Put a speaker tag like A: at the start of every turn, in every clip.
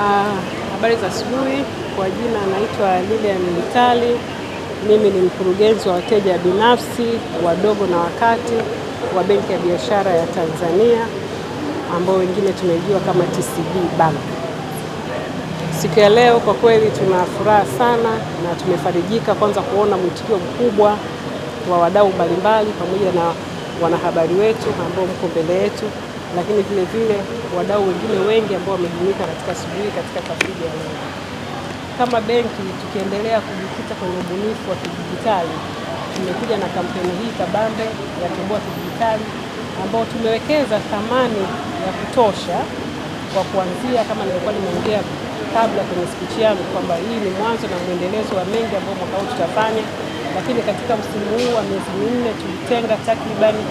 A: Ah, habari za asubuhi. Kwa jina naitwa Lilian Mitali, mimi ni mkurugenzi wa wateja binafsi wadogo na wakati wa Benki ya Biashara ya Tanzania ambao wengine tumejua kama TCB Bank. Siku ya leo kwa kweli tuna furaha sana na tumefarijika kwanza kuona mwitikio mkubwa wa wadau mbalimbali pamoja na wanahabari wetu ambao mko mbele yetu lakini vile vile wadau wengine wengi ambao wamehimika katika hii katika tafrija ya leo. Kama benki tukiendelea kujikita kwenye ubunifu wa kidijitali, tumekuja na kampeni hii kabambe ya Toboa Kidijitali ambao tumewekeza thamani ya kutosha kwa kuanzia, kama nilikuwa nimeongea kabla kwenye speech yangu kwamba hii ni mwanzo na mwendelezo wa mengi ambayo mwaka huu tutafanya, lakini katika msimu huu wa miezi minne tulitenga takribani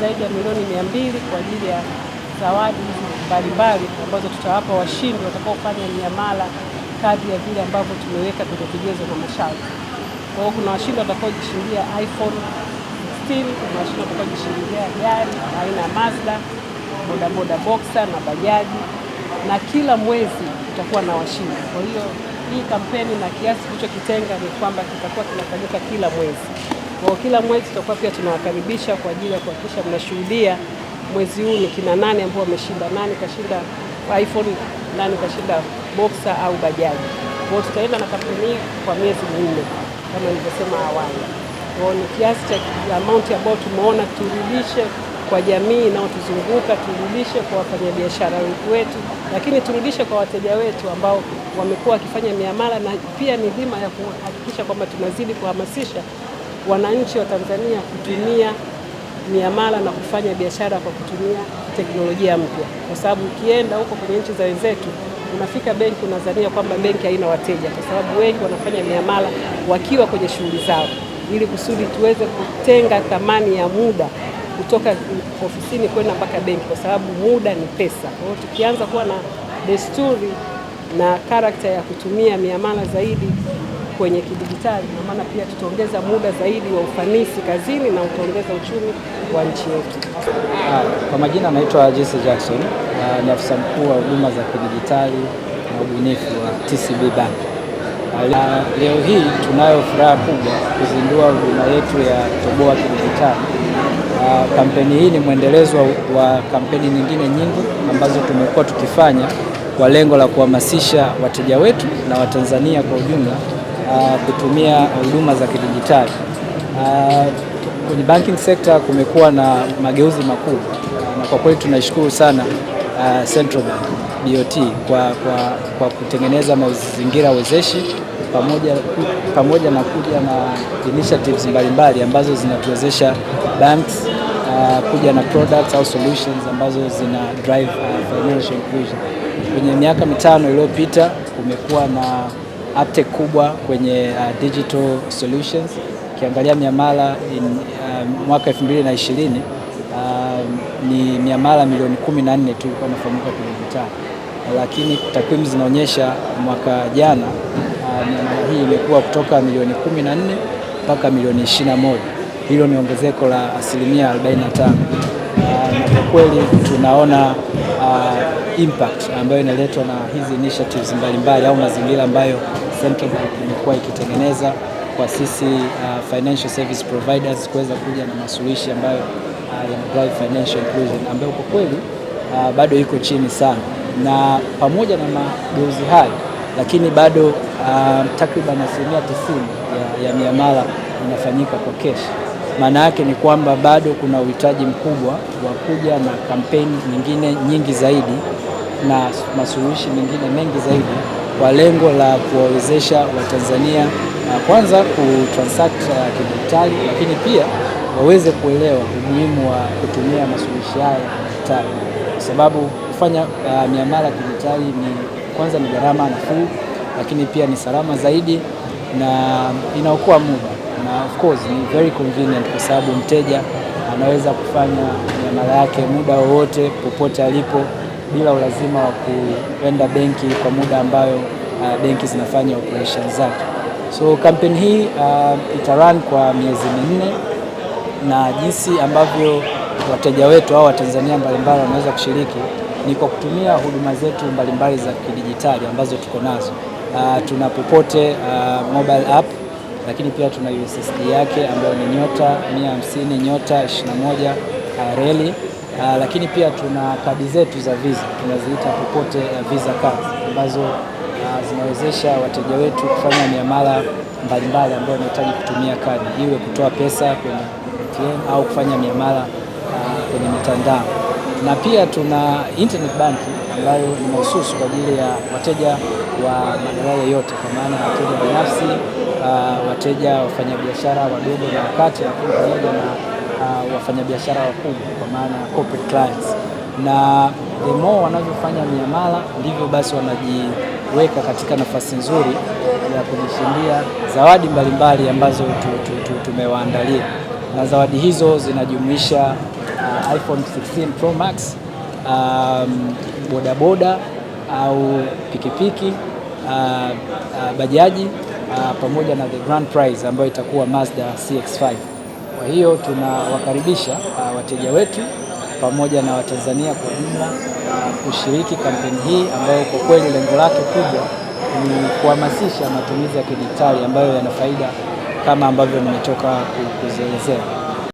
A: zaidi ya milioni mia mbili kwa ajili ya zawadi mbalimbali ambazo tutawapa washindi watakaofanya miamala kadri ya vile ambavyo tumeweka kwenye vigezo na masharti. Kwa hiyo kuna washindi watakaojishindia iPhone 16, kuna washindi watakaojishindia gari aina ya Mazda, bodaboda boxer na bajaji, na kila mwezi tutakuwa na washindi. Kwa hiyo hii kampeni na kiasi tulichokitenga ni kwamba kitakuwa kinafanyika kila mwezi. Kwa hiyo kila mwezi tutakuwa pia tunawakaribisha kwa ajili ya kuhakikisha mnashuhudia mwezi huu ni kina nane ambao wameshinda, nani kashinda iPhone, nani kashinda Boxer au bajaji. Kwa tutaenda na kampeni kwa miezi minne kama nilivyosema awali. Kwa ni kiasi cha amount ambayo tumeona turudishe kwa jamii inayotuzunguka, turudishe kwa wafanyabiashara wetu, lakini turudishe kwa wateja wetu ambao wamekuwa wakifanya miamala, na pia ni dhima ya kuhakikisha kwamba tunazidi kuhamasisha wananchi wa Tanzania kutumia miamala na kufanya biashara kwa kutumia teknolojia mpya, kwa sababu ukienda huko kwenye nchi za wenzetu unafika benki unadhania kwamba benki haina wateja, kwa sababu wengi wanafanya miamala wakiwa kwenye shughuli zao, ili kusudi tuweze kutenga thamani ya muda kutoka ofisini kwenda mpaka benki, kwa sababu muda ni pesa. Kwa hiyo tukianza kuwa na desturi na karakta ya kutumia miamala zaidi kwenye kidijitali, na maana pia tutaongeza muda zaidi wa ufanisi kazini na utaongeza uchumi wa nchi yetu.
B: Ah, kwa majina anaitwa Jesse Jackson, ah, ni afisa mkuu wa huduma za kidijitali na ubunifu wa TCB Bank. Ah, leo hii tunayo furaha kubwa kuzindua huduma yetu ya Toboa Kidijitali. Kampeni hii ni mwendelezo wa kampeni nyingine nyingi ambazo tumekuwa tukifanya kwa lengo la kuhamasisha wateja wetu na Watanzania kwa ujumla uh, kutumia huduma za kidijitali. Uh, kwenye banking sector kumekuwa na mageuzi makubwa uh, na kwa kweli tunashukuru sana uh, Central Bank BOT kwa, kwa, kwa kutengeneza mazingira wezeshi pamoja, pamoja na kuja na initiatives mbalimbali ambazo zinatuwezesha banks uh, kuja na products au solutions ambazo zina drive uh, financial inclusion. Kwenye miaka mitano iliyopita kumekuwa na uptake kubwa kwenye uh, digital solutions. Ukiangalia miamala in, uh, mwaka 2020 uh, um, ni miamala milioni 14 tu ilikuwa inafanyika kidijitali, lakini takwimu zinaonyesha mwaka jana uh, miamala hii imekuwa kutoka milioni 14 mpaka milioni 21. Hilo ni ongezeko la asilimia 45 uh, na kwa kweli tunaona uh, impact ambayo inaletwa na hizi initiatives mbalimbali au mazingira ambayo Central Bank imekuwa ikitengeneza kwa sisi uh, financial service providers kuweza kuja na masuluhishi ambayo uh, yanadrive financial inclusion ambayo kwa kweli uh, bado iko chini sana, na pamoja na mageuzi hayo, lakini bado uh, takriban asilimia tisini ya, ya miamala inafanyika kwa keshi. Maana yake ni kwamba bado kuna uhitaji mkubwa wa kuja na kampeni nyingine nyingi zaidi na masuluhishi mengine mengi zaidi kwa lengo la kuwawezesha Watanzania uh, kwanza kutransact uh, kidijitali, lakini pia waweze kuelewa umuhimu wa kutumia masuluhisho haya kidijitali, kwa sababu kufanya uh, miamala kidijitali ni kwanza ni gharama nafuu, lakini pia ni salama zaidi na inaokoa muda na of course ni very convenient kwa sababu mteja anaweza kufanya miamala yake muda wowote popote alipo bila ulazima wa kuenda benki kwa muda ambayo uh, benki zinafanya operation zake. So kampeni hii uh, run kwa miezi minne na jinsi ambavyo wateja wetu au Watanzania mbalimbali wanaweza kushiriki ni kwa kutumia huduma zetu mbalimbali za kidijitali ambazo tuko nazo. Uh, tuna Popote uh, mobile app, lakini pia tuna USSD yake ambayo ni nyota 150 nyota 21 uh, reli Uh, lakini pia tuna kadi zetu za visa tunaziita popote uh, visa cards ambazo uh, zinawezesha wateja wetu kufanya miamala mbalimbali ambayo wanahitaji kutumia kadi, iwe kutoa pesa kwenye ATM au kufanya miamala uh, kwenye mitandao. Na pia tuna internet bank ambayo ni mahususi kwa ajili ya wateja wa madaraja yote, kwa maana ya wateja binafsi, uh, wateja wafanyabiashara wadogo na wakati, lakini pamoja na wafanyabiashara wakubwa kwa maana corporate clients, na the more wanavyofanya miamala ndivyo basi wanajiweka katika nafasi nzuri ya kujishindia zawadi mbalimbali mbali ambazo tumewaandalia na zawadi hizo zinajumuisha uh, iPhone 16 Pro Max, um, bodaboda au pikipiki uh, uh, bajaji uh, pamoja na the grand prize ambayo itakuwa Mazda CX-5. Kwa hiyo tunawakaribisha uh, wateja wetu pamoja na Watanzania kwa jumla uh, kushiriki kampeni hii ambayo kwa kweli lengo lake kubwa ni kuhamasisha matumizi ya kidijitali ambayo yana faida kama ambavyo nimetoka kuzielezea.